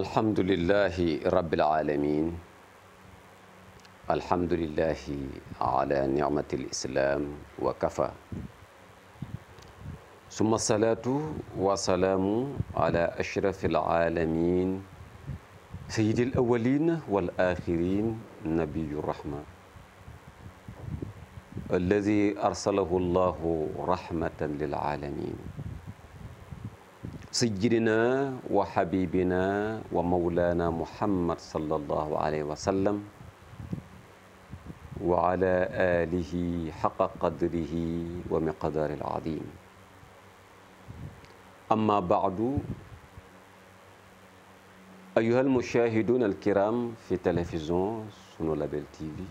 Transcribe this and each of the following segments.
alhamdulillahi rabbil alamin alhamdulillahi ala nicmati lislam wa kafa summa salaatu wa salaamu ala ashrafi alalamin sayidi alawalin walaxirin nabiyu rahma alladi arsalahu allahu rahmatan lilalamin سيدنا وحبيبنا ومولانا محمد صلى الله عليه وسلم وعلى آله حق قدره ومقدار العظيم أما بعد أيها المشاهدون الكرام في تلفزيون سونو لابل تي في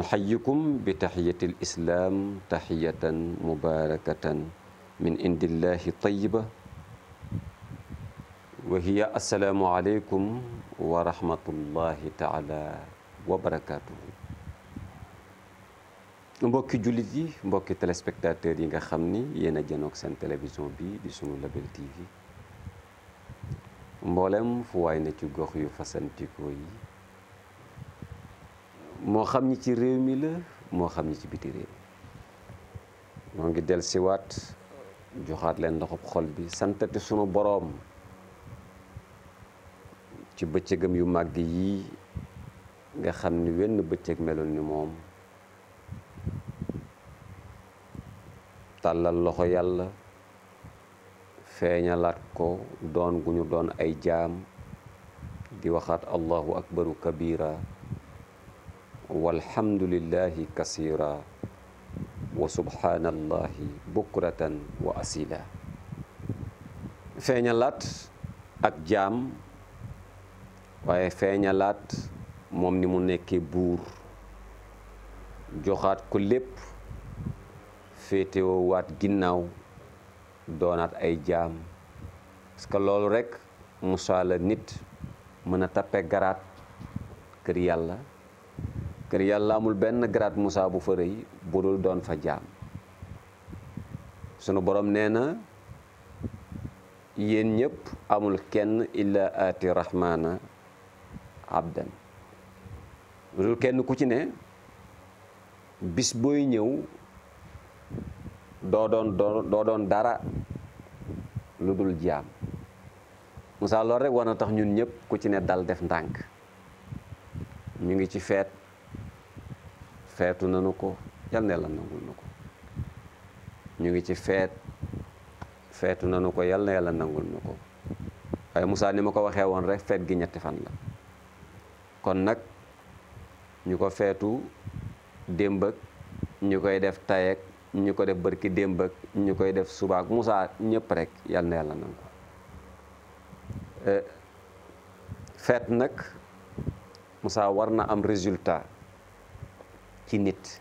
نحييكم بتحية الإسلام تحية مباركة min indillahi tayiba wa hiya assalaamu aleykum wa rahmatullahi taala wa barakatuhu mbokki jullit yi mbokki téléspectateurs yi nga xam ni yéen a janoog seen télévision bi di sunu Label TV mboolem fu waay na ci gox yu fasantikoo yi moo xam ñi ci réew mi la moo xam ñi ci biti réew moo ngi del joxaat leen ndoxub xol bi santati sunu boroom ci bëccëgam yu màgg yii nga xam ni wenn bëccëg meloon ni moom tàllal loxo yàlla feeñalaat ko doon gu ñu doon ay jaam di waxaat allahu akbaru kabira walhamdulillahi kasira wa subhaanallahi bukratan wa asila feeñalaat ak jaam waaye feeñalaat moom ni mu nekkee buur joxaat ko lépp féetewoo waat ginnaaw doonaat ay jaam parce que loolu rekk musaala nit mën a tappe garaat kër yàlla kër yàlla amul benn grade Moussa bu fa rëy bu dul doon fa jaam sunu borom nee na yéen ñëpp amul kenn illa aati rahmaana abdan lu dul kenn ku ci ne bis booy ñëw doo doon dara lu dul jaam Moussa loolu rek war na tax ñun ñëpp ku ci ne dal def ndànk ñu ngi ci feet feetu nanu ko yal na yàlla nangul nu ko ñu ngi ci feet feetu nanu ko yal na yàlla nangul nu ko waaye Moussa ni ma ko waxee woon rek feet gi ñetti fan la kon nag ñu ko feetu démb ñu koy def tay ak ñu ko def bërki démb ak ñu koy def suba ak Moussa ñëpp rek yal na yàlla nangu eh, feet nag musaa war na am résultat ci nit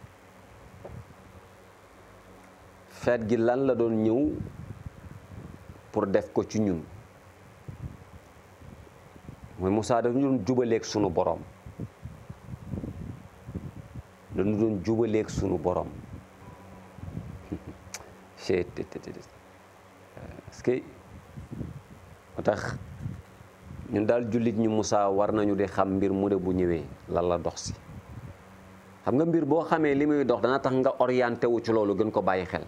feet gi lan la doon ñëw pour def ko ci ñun mooy Moussa dañu doon jubaleeg sunu borom dañu doon sunu borom c'est parce que moo tax ñun daal jullit ñu musaa war nañu di xam mbir mu ne bu ñëwee lan la dox si xam nga mbir boo xamee li muy dox dana tax nga orienté wu ci loolu gën ko bàyyi xel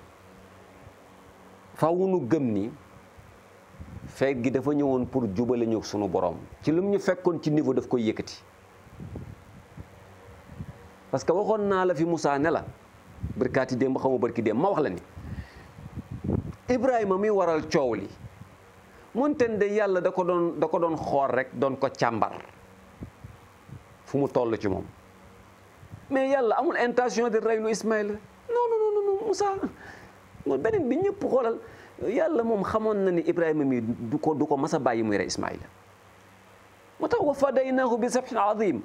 faw nu gëm ni feet gi dafa ñëwoon pour jubale ñëw sunu borom ci lum ñu fekkoon ci niveau daf koy yëkkati parce que waxoon naa la fi Moussa ne la barkaati démb xamu barki démb ma wax la ni Ibrahima mi waral coow li moonten de yàlla da ko doon da ko doon xool rek doon ko càmbar fu mu toll ci moom mais yàlla amul intention de reylu Ismaïla non non non non Moussa moom beneen bi ñëpp xoolal yàlla moom xamoon na ni Ibrahima mi du ko du ko mas a bàyyi muy rey Ismaïla moo tax wa fadaynaahu bi zabhin azim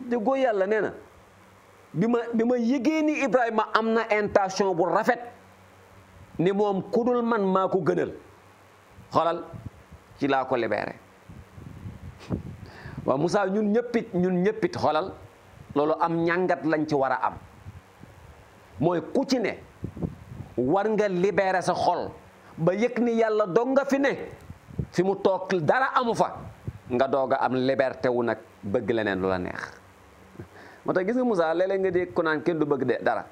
déggoo yàlla nee na bi ma bi ma yëgee ni Ibrahima am na intention bu rafet ni moom ku man maa ko gënal xoolal ci laa ko libéré waaw Moussa ñun ñëppit ñun ñëppit xoolal loolu am ñàngat lañ ci war a am mooy ku ci ne war nga libérer sa xol ba yëg ni yàlla doog nga fi ne fi mu toog dara amu fa nga doog a am liberté wu nag bëgg leneen lu la neex moo tax gis nga Moussa léeg nga dégg ko naan kenn du bëgg de dara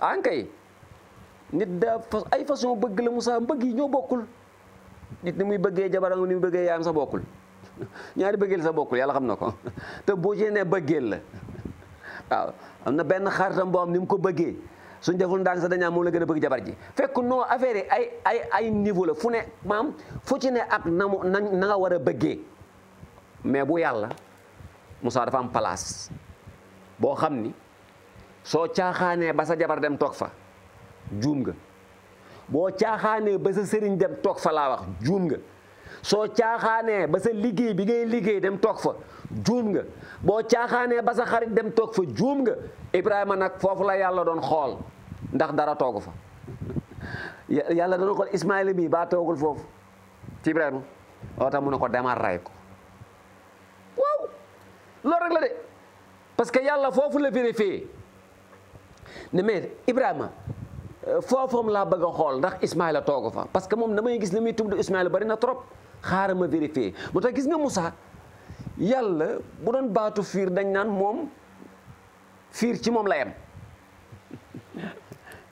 ankay ah, nit da ay façon bëgg la musaa mbëgg yi ñoo bokkul nit ni muy bëggee jabaram ni muy bëggee yaayam sa bokkul ñaari bëggeel sa bokkul yàlla xam na ko te boo ci nee bëggeel la waaw am na benn xaritam boo xam ni mu ko bëggee suñ deful ndànk sa dañaa moom la gën a bëgg jabar ji fekk non affaire ay ay ay niveau la fu ne maam fu ci ne ak na na nga war a bëggee mais bu yàlla Moussa dafa am palaas boo xam ni soo caaxaanee ba sa jabar dem toog fa juum nga boo caaxaanee ba sa sëriñ dem toog fa laa wax juum nga soo caaxaanee ba sa liggéey bi ngay liggéey dem toog fa juum nga boo caaxaanee ba sa xarit dem toog fa juum nga Ibrahima nag foofu la yàlla doon xool ndax dara toogu fa yàlla doon xool Ismaïla mii baa toogul foofu ci Ibrahima oo tax mu ne ko demal ray ko waaw loolu rek la de parce que yàlla foofu la vérifié ne mais Ibrahima euh, foofam laa bëgg a xool ndax Ismaïla toogu fa parce que moom damay gis li muy tudd Ismaïla bari na trop xaaral ma vérifier mu tax gis nga Moussa yàlla bu doon baatu fiir dañ naan moom fiir ci moom la yem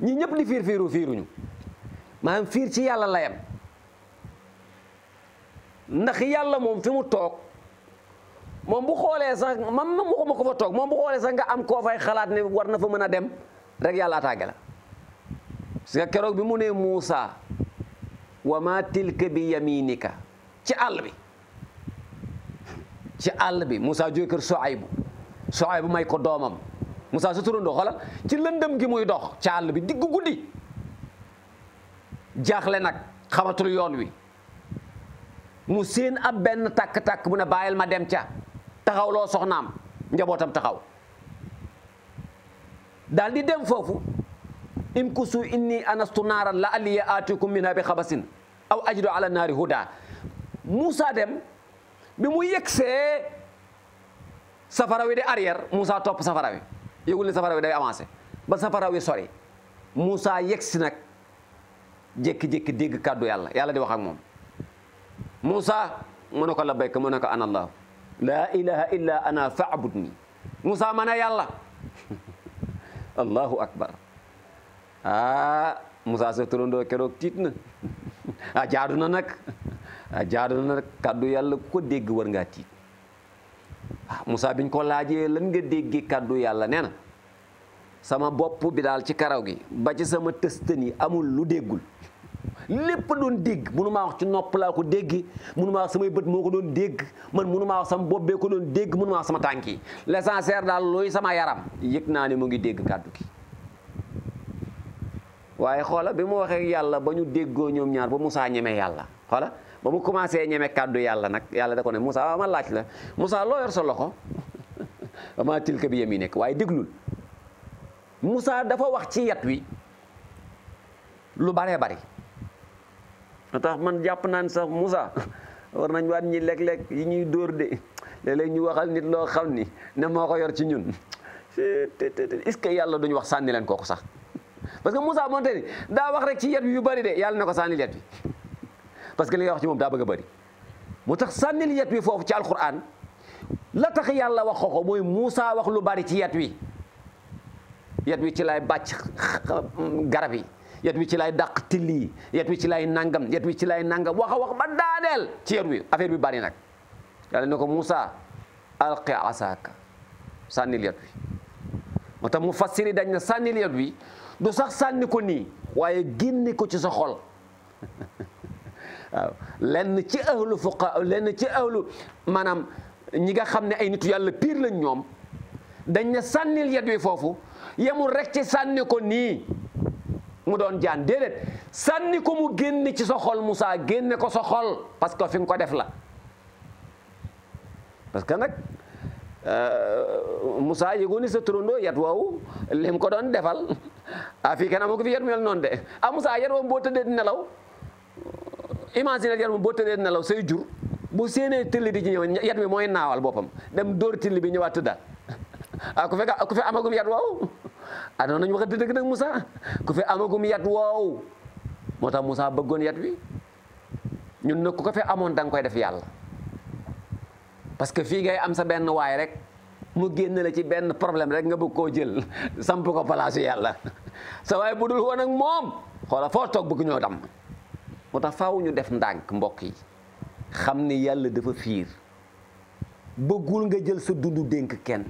ñi ñëpp di fiir fiiru fiiruñu fiir ci yàlla la yem ndax yàlla moom fi mu toog moom bu xoolee sax man ma waxuma ko fa toog moom bu xoolee sax nga am koo fay xalaat ne war na fa mën a dem rek yàlla attaqué la parce que keroog bi mu ne Moussa wa ma tilka bi yaminika ci àll bi ci àll bi Moussa jóge kër Soaybu Soaybu may ko doomam Moussa sa turandoo xoolal ci lëndëm gi muy dox ci àll bi diggu guddi jaaxle nag xamatul yoon wi mu séen ab benn tàkk-tàkk bu ne bàyyil ma dem ca taxaw loo soxnaam njabootam taxaw daal di dem foofu imkusu inni anastu naaran la alliya aatikum minha bi xabasin aw ajdu ala naari huda Moussa dem bi mu yegsee safara wi di arrière Moussa topp safara wi yëgul ne safara wi day avancé ba safara wi sori Moussa yegsi nag jékki-jékki dégg kàddu yàlla yàlla di wax ak moom Moussa mu ne ko labbayka mu ne ko ana allah laa ilaha illa ana faabudni Moussa ma ne yàlla allahu akbar ah Moussa sa turandoo keroog tiit na a ah, jaadu na nag Ah, jaadu na nag kàddu yàlla ko dégg war ngaa tiit waaw ah, Moussa biñ ko laajee lan nga déggee kàddu yàlla nee na sama bopp bi daal ci karaw gi ba ci sama tëstan yi amul lu déggul lépp doon dégg mënumaa wax ci nopp laa ko dégg mënumaa wax samay bët moo ko doon dégg man mënumaa wax sama bopp ko doon dégg mënumaa wax sama tànk yi l'essentiel daal looy sama yaram yëg naa ne mu ngi dégg kàddu gi waaye xoola bi mu waxee yàlla ba ñu déggoo ñoom ñaar ba musaa ñemee yàlla xoola ba mu commencé ñeme kàddu yàlla nag yàlla da ko ne Moussa waaw ma laaj la Moussa loo yor sa loxo ama tilka bi nekk waaye déglul Moussa dafa wax ci yat wi lu baree bari lu tax man jàpp naan sax Moussa war nañ waat ñi léeg-léeg yi ñuy dóor de léeg-léeg ñu waxal nit loo xam ni ne moo ko yor ci ñun est-ce que yàlla duñu wax sànni leen ko sax parce que musa moo ni daa wax rek ci yat wi yu bari de yàlla na ko sànni yat wi parce que li nga wax ci moom daa bëgg a bëri mu tax sànnil yet wi foofu ci alquran la tax yàlla wax ko ko mooy wax lu bari ci yet wi yet wi ci lay bàcc garab yi yet wi ci lay dàq till yi yet wi ci lay nangam yet wi ci lay nangam wax a wax ba daaneel ci yet wi affaire bi bari nag yàlla ne ko musa alqi asaka sànnil yet wi moo tax mu fassiri dañ na sànnil yet wi du sax sànni ko nii waaye génne ko ci sa xol waaw lenn ci ahlu fuqa lenn ci ahlu maanaam ñi nga xam ne ay nitu yàlla pire lañ ñoom dañ ne sànnil yet wi foofu yemul rek ci sànni ko nii mu doon jaan déedéet sànni ko mu génn ci sa xol Moussa génne ko sa xol parce que fi nga ko def la parce que nag euh, Moussa yëgu ni sa turandoo yat woowu lim ko doon defal a ah, fii kenn amu ko fi yat mel noonu de ah Moussa yat woowu boo tëddee nelaw imaginer yat moom boo tëddee nelaw say jur boo séenee tilli di ci ñëw yat mi mooy naawal boppam dem dóor tilli bi ñëwaat tëddaat ah ku fekk ku fi amagum yat woow ah noonu nañu waxante dëgg nag Moussa ku fi amagum yat woow moo tax musa bëggoon yat wi ñun nag ko fi amoon da nga koy def yàlla parce que fii ngay am sa benn waay rek mu génn la ci benn problème rek nga bëgg koo jël samp ko palaasu yàlla sa waaye budul woon ak moom xoola foo toog bëgg ñoo dam moo tax faaw ñu def ndànk mbokk yi xam ni yàlla dafa fiir bëggul nga jël sa dund dénk kenn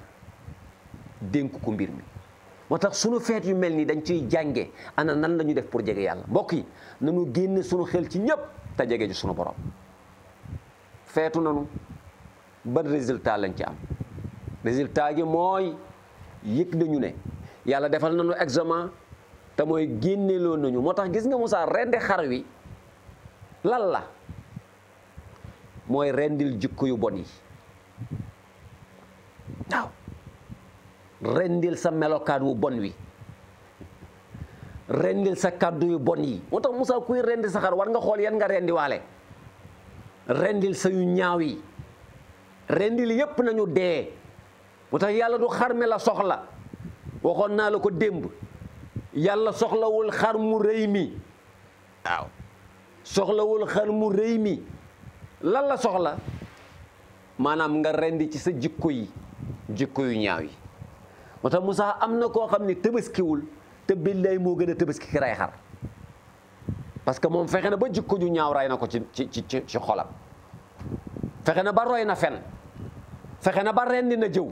dénk ko mbir mi moo tax sunu feet yu mel nii dañ ciy jànge ana nan la ñu def pour jege yàlla mbokk yi nanu génne sunu xel ci ñépp te jege ji sunu borom feetu nanu ban résultat lañ ci am résultat gi mooy yëg nañu ne yàlla defal nañu examen te mooy loo nañu moo tax gis nga Moussa rendi xar wi lan la mooy rendil jikko yu bon yi waaw rendil sa melokaan wu bon wi rendil sa kàddu yu bon yi moo tax Moussa kuy rendi sa xar war nga xool yan nga rendi waale rendil sa yu ñaaw yi rendil yépp nañu dee moo tax yàlla du xar mi la soxla waxoon naa la ko démb yàlla soxlawul xar mu rëy mi waaw wol xar mu rëy mi lan la soxla maanaam nga rendi ci sa jikko yi jikko yu ñaaw yi moo tax Moussa am na koo xam ni tëbaskiwul te billaay moo gën a tëbaski ki ray xar parce que moom fexe na ba jikko ju ñaaw ray na ko ci ci ci ci xolam fexe na ba roy na fen fexe na ba rendi na jëw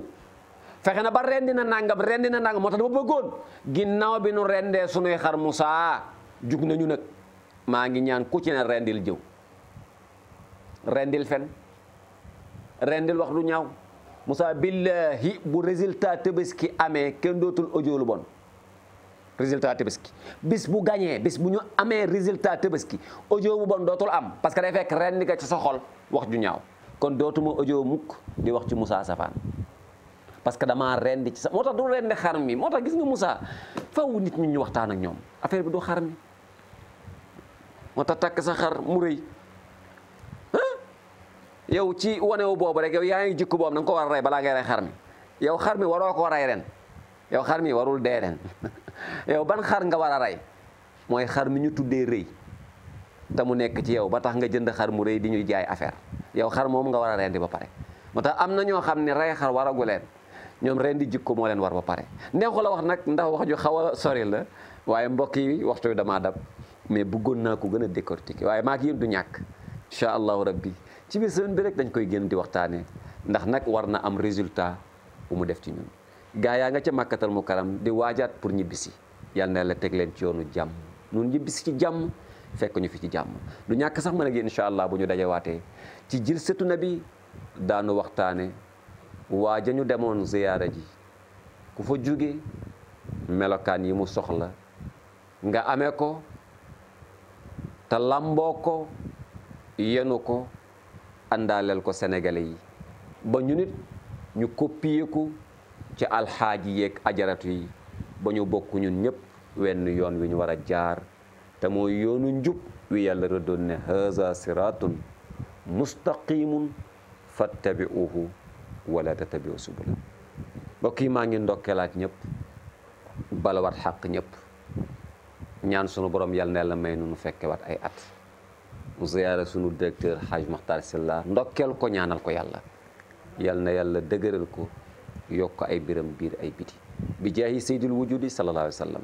fexe na ba rendi na nangam rendi na nangam moo tax dama bëggoon ginnaaw bi nu rendee sunuy xar Moussa jug nañu nag maa ngi ñaan ku ci ne rendil jëw rendil fen rendil wax lu ñaaw Moussa billahi bu résultat tabaski amee kenn dootul audio bon résultat tabaski bis bu gañee bis bu ñu amee résultat tabaski audio bu bon dootul am parce que day fekk rendi ga ci sa xol wax ju ñaaw kon dootuma audio mukk di wax ci Moussa safaan parce que damaa rendi ci sa moo tax du rendi xar mi moo tax gis nga Moussa faw nit ñu ñu waxtaan ak ñoom affaire bi du xar mi moo tax takk sa xar mu rëy yow ci wanewu boobu rek yow yaa ngi jikko boobu na nga ko war a rey balaa ngay rey xar mi yow xar mi waroo ko rey ren yow xar mi warul dee ren yow ban xar nga war a rey mooy xar mi ñu tuddee rëy te mu nekk ci yow ba tax nga jënd xar mu rëy di ñuy jaay affaire yow xar moom nga war a rendi ba pare moo tax am na ñoo xam ne rey xar waragu leen ñoom rendi jikko moo leen war ba pare neexu la wax nag ndax wax ju xaw a sori la waaye mbokk yi waxtu wi damaa dab mais bëggoon naa ko gën a décortiquer waaye maa ngi du ñàkk incha allahu rabbi ci biir semaine bi rek dañ koy gën di waxtaanee ndax nag war na am résultat bu mu def ci ñun. gaa yaa nga ca màkkatal mu karam di waajaat pour ñibbisi yal na la teg leen ci yoonu jàmm ñun ñibbisi ci jàmm fekk ñu fi ci jàmm du ñàkk sax mën a yéen incha allah bu ñu dajawaatee ci jilsatu bi daanu waxtaane waa ja ñu demoon ziyaara ji ku fa jóge melokaan yi mu soxla nga amee ko. te lamboo ko yenu ko àndaaleel ko sénégalais yi ba ñu nit ñu copier ci alxaaji yeeg ajaratu yi ba ñu bokk ñun ñëpp wenn yoon wi ñu war a jaar te mooy yoonu njub wi yàlla rëddoon ne haza siratun mustaqimun fattabi'uhu wala tattabi'u subula mbokk yi maa ngi ndokkeelaat ñëpp balawaat xàq ñëpp ñaan sunu borom yàlla na yàlla may nu nu fekkewaat ay at mu ziyaara sunu directeur Hadj Makhtar Sylla ndokkeel ko ñaanal ko yàlla yàlla na yàlla dëgëral ko yokk ay biram biir ay biti bi jaahi sayyidul wujudi sallallahu alayhi sallam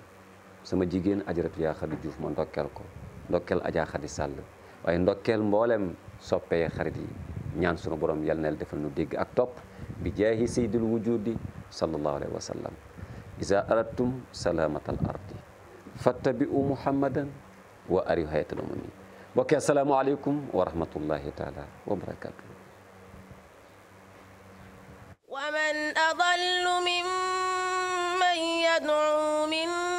sama jigéen ajaratu yaa xadi Diouf ma ndokkeel ko ndokkeel ajaa xadi Sàll waaye ndokkeel mboolem soppee xarit yi ñaan sunu borom yàlla na yàlla defal nu dégg ak topp bi jaahi sayyidul wujudi sallallahu alayhi wa sallam iza aradtum salamatal fattabi'u muhammadan wa ariu hayatal umami bokkee asalaamu aleykum wa rahmatullahi taala wa barakatuh ومن أضل ممن يدعو من